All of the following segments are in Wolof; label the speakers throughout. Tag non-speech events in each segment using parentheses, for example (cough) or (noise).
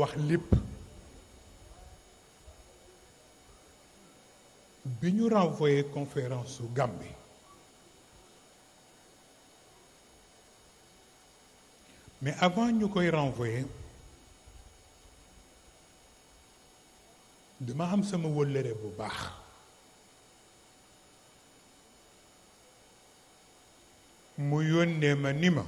Speaker 1: wax lépp bi ñu renvoyé conférence su bi mais avant ñu koy renvoyé dama am sama wëllëre bu baax mu yónnee ma ni ma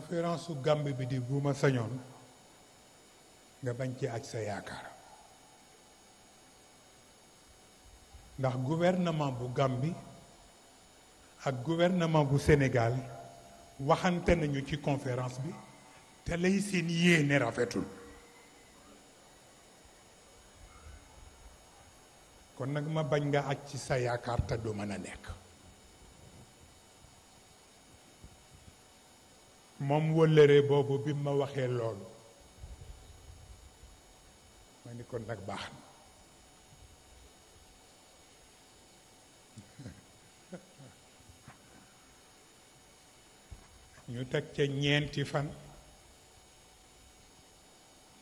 Speaker 1: conférence su Gàmbi bi di buuma sañoon nga bañ ci aj sa yaakaar ndax gouvernement bu Gàmbi ak gouvernement bu Sénégal waxante nañu ci conférence bi te lay seen yéene rafetul kon nag ma bañ nga aj ci sa yaakaar te du mën a nekk moom wëllëre boobu bi ma waxee loolu ma ni ko nag baax na (laughs) ñu teg ca ñeenti fan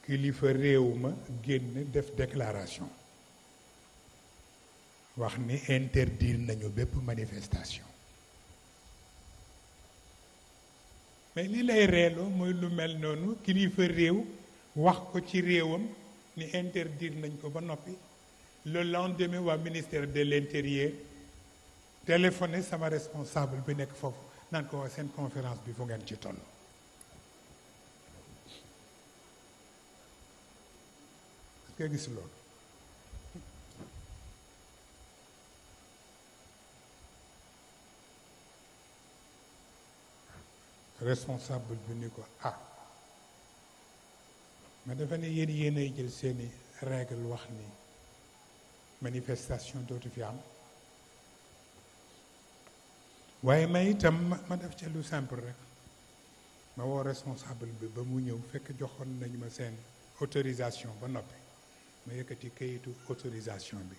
Speaker 1: kilifa réew ma génn def déclaration wax ni interdire nañu bépp manifestation mais lii lay reeloo mooy lu mel noonu kilifa réew wax ko ci réewam ni interdire nañ ko ba noppi le lendemain waa ministère de l'intérieur téléphoné sama responsable bi nekk foofu naan ko waa seen conférence bi fu ngeen ci toll. parce que gis loolu. responsable bi ni ko ah ma defe ne yéen yéenay jël seeni règle wax ni manifestation dootu fi am waaye may itam ma ma def ca lu simple rek ma woo responsable bi ba mu ñëw fekk joxoon nañu ma seen autorisation ba noppi ma yëkkati kayitu autorisation bi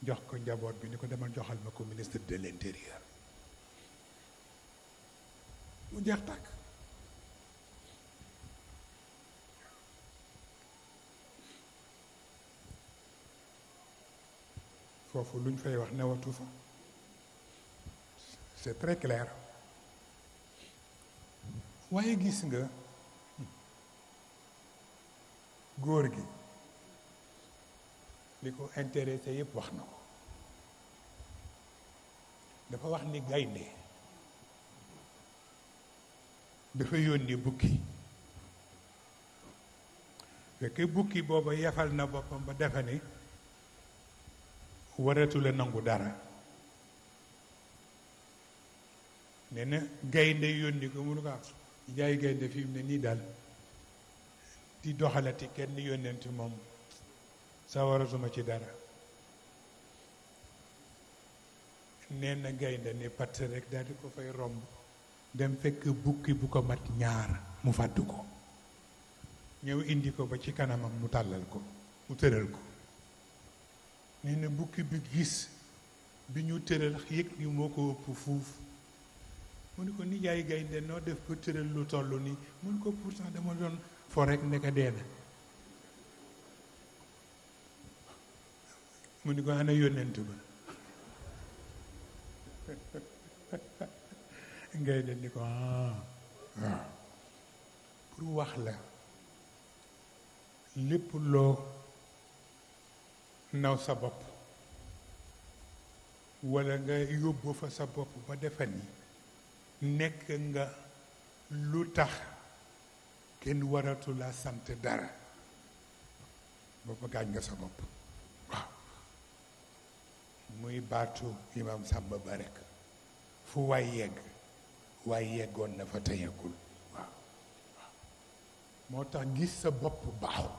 Speaker 1: jox ko njaboot bi ni ko demal joxal ma ko ministre de l'intérieur lu jeex tàkk foofu lu ñu fay wax newatu fa c'est très clair waaye gis nga góor gi li ko intéressé yépp wax na ko dafa wax ni gaynde dafa yónnee bukki fekke bukki booba yafal na boppam ba defe ni waratula nangu dara nee na gaynde yónni ko munu ko jaay ah, gaynde fi mu ne nii daal di doxalati kenn yónnenti moom sa ci dara nee na gaynde ni patt rek daal di ko fay romb dem fekk bukki bu ko mat ñaar mu fàddu ko ñëw indi ko ba ci kanamam mu tàllal ko mu tëral ko nee na bukki bi gis bi ñu tëral yëg ni moo ko ëpp fuuf mu ni ko nijaay gaynde noo def ko tëral lu toll ni mu ni ko pourtant dama doon fo rek dee na mu ni ko ana yónnent ba (laughs) ngay leen ni ko waaw ah. ah. pour wax la lépp loo naw sa bopp walla nga yóbbu fa sa bopp ba defa ni nekk nga lu tax kenn waratu la sant dara booba gaañ nga sa bopp muy baatu imam Sàmba ba rekk fu waay yegg waaye yeggoon na fa teyagul waaw moo tax gis sa bopp baaxul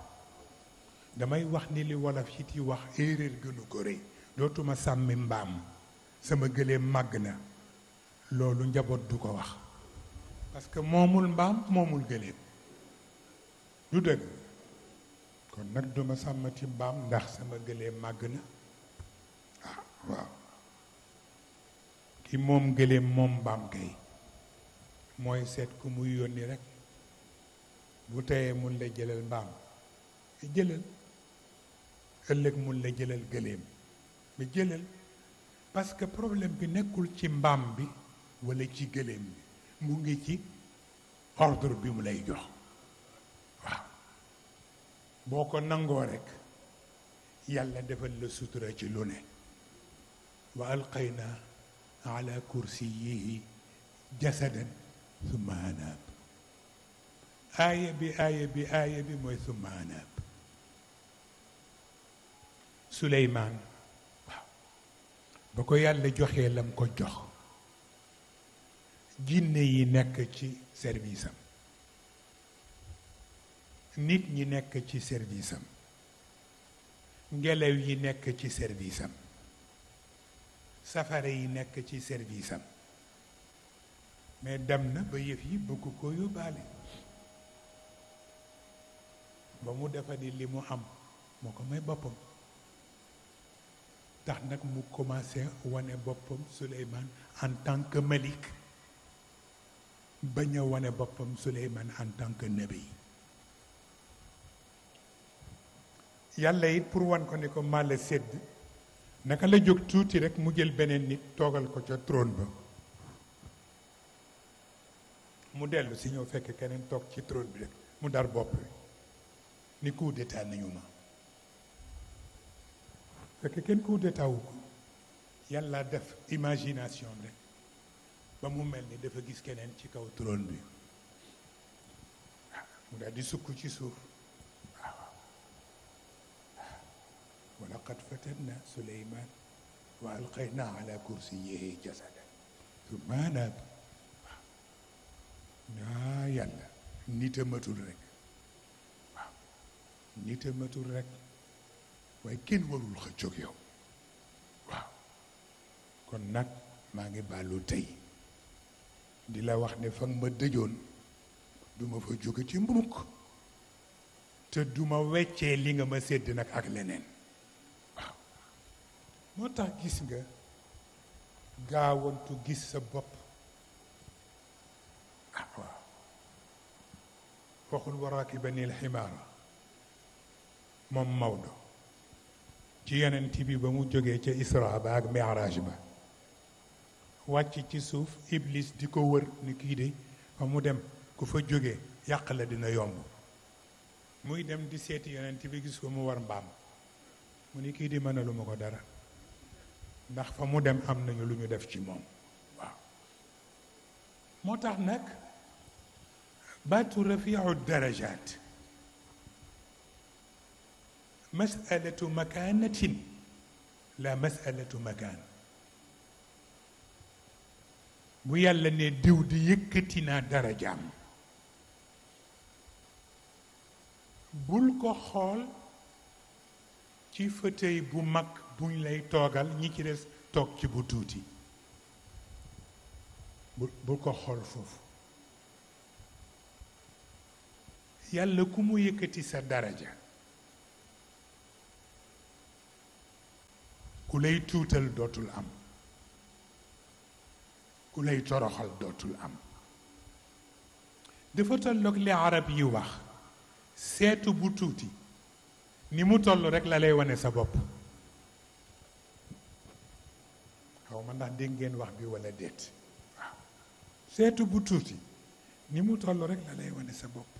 Speaker 1: damay wax ni li wolof yi di wax erreur gënu ko rëy dootuma sàmmi mbaam sama gëléem màgg na loolu njaboot du ko wax parce que moomul mbaam moomul gëléem du dëgg kon nag duma sàmmati mbaam ndax sama gëléem màgg na ah, waaw ki moom gëléem moom mbaam kay mooy seet ku muy yónni rek bu teyee mun la jëlal mbaam jëlal ëllëg mun la jëlal gëléem mais jëlal parce que problème bi nekkul ci mbaam bi walla ci gëléem bi mu ngi ci ordre bi mu lay jox waaw boo ko nangoo rek yàlla defal la sutura ci lu ne wa alqayna ala yi jasadan summa anaab aaya bi aaya bi aaya bi mooy summa anaab suleymaan ba ko yàlla joxee lam ko jox jinne yi nekk ci service nit ñi nekk ci service ngelaw yi nekk ci service safara yi nekk ci service mais dem na ba yëf yi bëgg koo yóbbaale ba mu defa di li mu am moo ko may boppam tax nag mu commencé wane boppam Souleymane en tant que Malik bañ a wane boppam Souleymane en tant que nabi yàlla it pour wan ko ni ko mala sedd naka la jóg tuuti rek mu jël beneen nit toogal ko ca trône ba mu dellu si ñëw fekk keneen toog ci trône bi rek mu dar bopp ni coup nañu ma fekk kenn coup d'état wu ko yàlla def imagination rek ba mu mel ni dafa gis keneen ci kaw trône bi mu daal di sukk ci suuf waaw wa laqad fatanna suleyman wa alqayna ala kursiyihi jasadan thumma anaaba ah yàlla nit a matul rek waaw nit rek waaye kenn warul xëccoog yow waaw kon nag maa ngi baalu tey di la wax ne fa ma dëjoon duma fa jóge ci mukk te duma weccee li nga ma sedd nag ak leneen waaw moo tax gis nga gaawantu gis sa bopp waxul wa raakibani alximaara moom Maodo ci yonent bi ba mu jógee ca isra ba ak miraaj ba wàcc ci suuf iblis di ko wër ni kii de fa mu dem ku fa jógee yàq la dina yomb muy dem di seeti yonent bi gis ko mu war mbaam mu ni kii di mënalu ma ko dara ndax fa mu dem am nañu lu ñu def ci moom moo tax nag baatu rafiu darajaat masalatu makaanatin la masalatu makaan bu yàlla ne diw di yëkkati naa dara darajaam bul ko xool ci fauteuil bu mag buñ lay toogal ñi ci des toog ci bu tuuti bul ko xool foofu yàlla ku mu yëkkati sa daraja ku lay tuutal dootul am ku lay toroxal dootul am dafa tolloog li arab yi wax seetu bu tuuti ni mu toll rekk la lay wane sa bopp xaw ma ndax dégg ngeen wax bi walla déet seetu bu tuuti ni mu toll rekk la lay wane sa bopp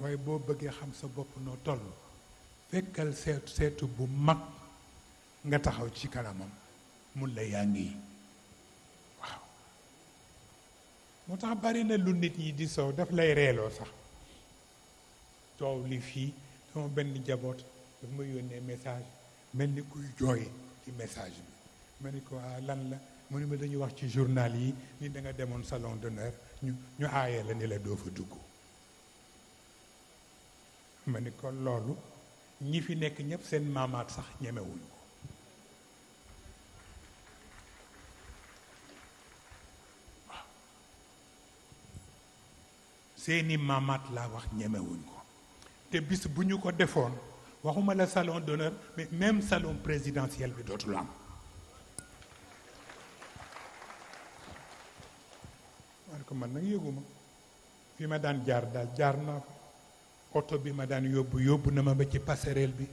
Speaker 1: waaye boo bëggee xam sa bopp noo toll fekkal seetu seetu bu mag nga taxaw ci kanamam mun la yaa ngi waaw moo tax bari na lu nit ñi di soow daf lay reeloo sax coow lii fii sama benn jaboot daf ma yónnee message mel ni kuy jooy ci message bi mel ni ko ah, lan la mu ni ma dañuy wax ci journal yi ni da nga demoon salon d'honneur ñu ñu aaye la ni la doo fa dugg ma ni ko loolu ñi fi nekk ñëpp seen maamaat sax ñemewuñu ko seeni maamaat laa wax ñemewuñ ko te bis bu ñu ko defoon waxuma la salon d'honneur mais même salon présidentiel bi dootul am man ko man nag yëguma fi ma daan jaar daal jaar naa fa oto bi ma daan yóbbu yóbbu na ma ba ci passerelle bi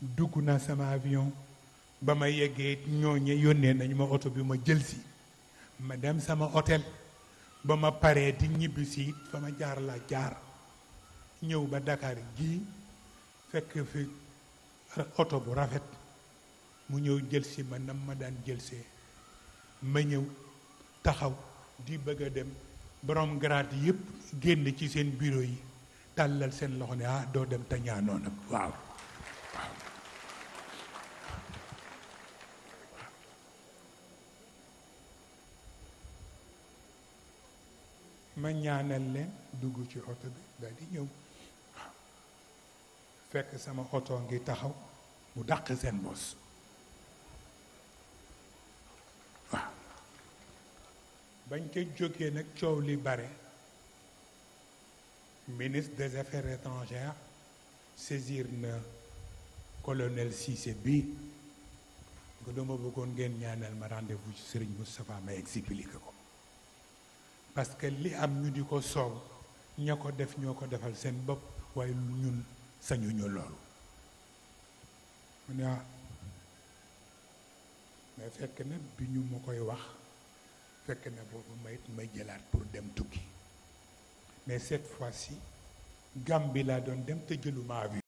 Speaker 1: dugg naa sama avion ba ma yeggee ñooñe yónnee nañu ma oto bi ma jël si ma dem sama hôtel ba ma paree di ñibbisi si fa ma jaar la jaar ñëw ba Dakar gii fekk fi oto bu rafet mu ñëw jël si ma nam ma daan jëlsee ma ñëw taxaw di bëgg a dem borom grade yépp génn ci seen bureau yi tàllal seen loxo ne ah doo dem te ñaanoo nag waaw ma ñaanal leen dugg ci oto bi daal di ñëw waaw fekk sama oto ngi taxaw mu dàq seen bos waaw bañ ca jógee nag coow li bare ministre des affaires étrangères saisir na colonel Cissé bi ko dama bëggoon ngeen ñaanal ma rendez ci sëriñ Moustapha ma expliqué ko parce que li am ñu di ko soog ña ko def ñoo ko defal seen bopp waaye ñun sañuñu loolu mu ne mais fekk na bi ñu ma koy wax fekk na boobu may may jëlaat pour dem tukki mais cette fois-ci bi laa doon dem te jëluma bi